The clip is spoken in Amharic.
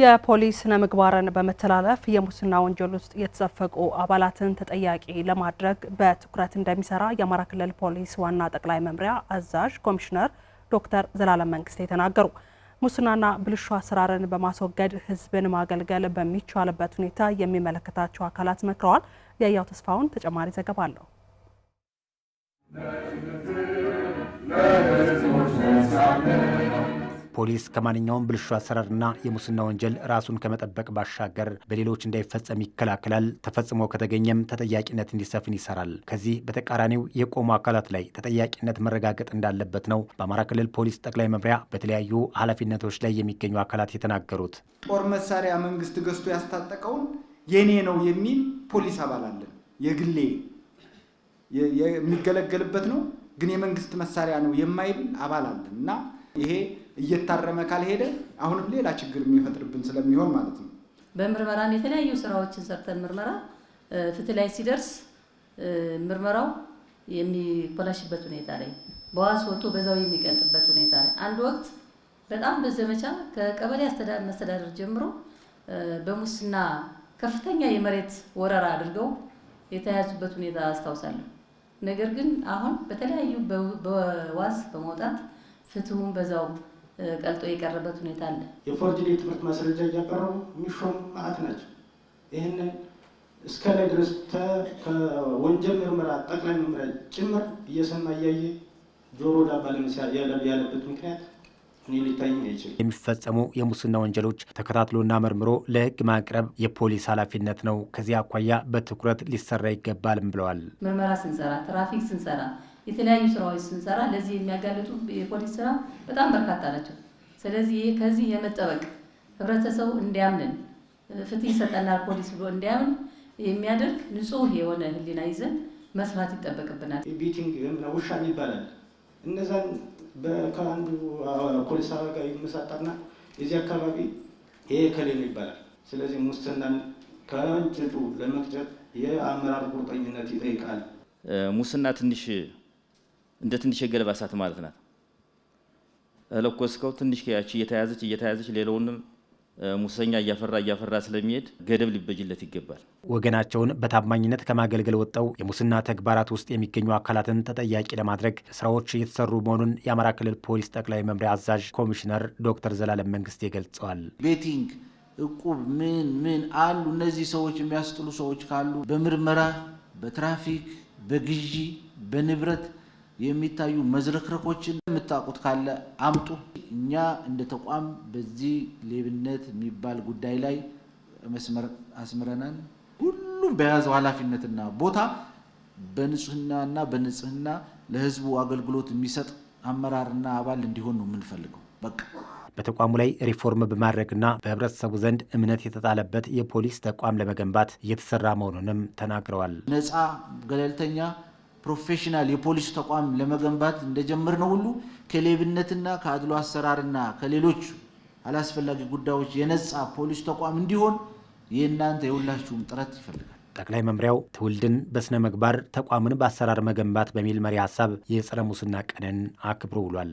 የፖሊስ ስነ ምግባርን በመተላለፍ የሙስና ወንጀል ውስጥ የተዘፈቁ አባላትን ተጠያቂ ለማድረግ በትኩረት እንደሚሰራ የአማራ ክልል ፖሊስ ዋና ጠቅላይ መምሪያ አዛዥ ኮሚሽነር ዶክተር ዘላለም መንግስቴ ተናገሩ። ሙስናና ብልሹ አሰራርን በማስወገድ ህዝብን ማገልገል በሚቻልበት ሁኔታ የሚመለከታቸው አካላት መክረዋል። ያያው ተስፋውን ተጨማሪ ዘገባ አለው። ፖሊስ ከማንኛውም ብልሹ አሰራርና የሙስና ወንጀል ራሱን ከመጠበቅ ባሻገር በሌሎች እንዳይፈጸም ይከላከላል። ተፈጽሞ ከተገኘም ተጠያቂነት እንዲሰፍን ይሰራል። ከዚህ በተቃራኒው የቆሙ አካላት ላይ ተጠያቂነት መረጋገጥ እንዳለበት ነው በአማራ ክልል ፖሊስ ጠቅላይ መምሪያ በተለያዩ ኃላፊነቶች ላይ የሚገኙ አካላት የተናገሩት። ጦር መሳሪያ መንግስት ገዝቶ ያስታጠቀውን የኔ ነው የሚል ፖሊስ አባል አለን። የግሌ የሚገለገልበት ነው ግን የመንግስት መሳሪያ ነው የማይል አባል አለን እና ይሄ እየታረመ ካልሄደ አሁንም ሌላ ችግር የሚፈጥርብን ስለሚሆን ማለት ነው። በምርመራም የተለያዩ ስራዎችን ሰርተን ምርመራ ፍትህ ላይ ሲደርስ ምርመራው የሚበላሽበት ሁኔታ ላይ በዋስ ወጥቶ በዛው የሚቀልጥበት ሁኔታ ላይ አንድ ወቅት በጣም በዘመቻ ከቀበሌ መስተዳደር ጀምሮ በሙስና ከፍተኛ የመሬት ወረራ አድርገው የተያዙበት ሁኔታ አስታውሳለሁ። ነገር ግን አሁን በተለያዩ በዋስ በመውጣት ፍትሁም በዛው ቀልጦ የቀረበት ሁኔታ አለ። የፎርጅድ የትምህርት ማስረጃ እያቀረቡ የሚሾሙ መዓት ናቸው። ይህንን እስከ ላይ ድረስ ከወንጀል ምርመራ ጠቅላይ መምሪያ ጭምር እየሰማ እያየ ጆሮ ዳባ ያለበት ምክንያት የሚፈጸሙ የሙስና ወንጀሎች ተከታትሎና መርምሮ ለሕግ ማቅረብ የፖሊስ ኃላፊነት ነው። ከዚህ አኳያ በትኩረት ሊሰራ ይገባልም ብለዋል። ምርመራ ስንሰራ፣ ትራፊክ ስንሰራ የተለያዩ ስራዎች ስንሰራ ለዚህ የሚያጋልጡ የፖሊስ ስራ በጣም በርካታ ናቸው። ስለዚህ ከዚህ የመጠበቅ ህብረተሰቡ እንዲያምንን ፍትህ ይሰጠናል ፖሊስ ብሎ እንዲያምን የሚያደርግ ንጹህ የሆነ ህሊና ይዘን መስራት ይጠበቅብናል። ቢቲንግ ውሻ ይባላል። እነዛን ከአንዱ ፖሊስ ጋር መሳጣና የዚህ አካባቢ ይሄ ከሌ ይባላል። ስለዚህ ሙስናን ከእንጭጩ ለመቅጨት የአመራር ቁርጠኝነት ይጠይቃል። ሙስና ትንሽ እንደ ትንሽ የገለባ እሳት ማለት ናት። ለኮስከው ትንሽ ያቺ እየተያዘች እየተያዘች ሌላውንም ሙሰኛ እያፈራ እያፈራ ስለሚሄድ ገደብ ሊበጅለት ይገባል። ወገናቸውን በታማኝነት ከማገልገል ወጠው የሙስና ተግባራት ውስጥ የሚገኙ አካላትን ተጠያቂ ለማድረግ ስራዎች እየተሰሩ መሆኑን የአማራ ክልል ፖሊስ ጠቅላይ መምሪያ አዛዥ ኮሚሽነር ዶክተር ዘላለም መንግስቴ ገልጸዋል። ቤቲንግ፣ እቁብ፣ ምን ምን አሉ እነዚህ ሰዎች የሚያስጥሉ ሰዎች ካሉ በምርመራ በትራፊክ በግዢ በንብረት የሚታዩ መዝረክረኮችን የምታውቁት ካለ አምጡ። እኛ እንደ ተቋም በዚህ ሌብነት የሚባል ጉዳይ ላይ መስመር አስምረናል። ሁሉም በያዘው ኃላፊነትና ቦታ በንጽህናና በንጽህና ለህዝቡ አገልግሎት የሚሰጥ አመራርና አባል እንዲሆን ነው የምንፈልገው። በቃ በተቋሙ ላይ ሪፎርም በማድረግና በህብረተሰቡ ዘንድ እምነት የተጣለበት የፖሊስ ተቋም ለመገንባት እየተሰራ መሆኑንም ተናግረዋል። ነፃ ገለልተኛ ፕሮፌሽናል የፖሊስ ተቋም ለመገንባት እንደጀመር ነው ሁሉ ከሌብነትና ከአድሎ አሰራርና ከሌሎች አላስፈላጊ ጉዳዮች የነጻ ፖሊስ ተቋም እንዲሆን የእናንተ የሁላችሁም ጥረት ይፈልጋል። ጠቅላይ መምሪያው ትውልድን በስነ ምግባር ተቋምን በአሰራር መገንባት በሚል መሪ ሀሳብ የጸረ ሙስና ቀንን አክብሮ ውሏል።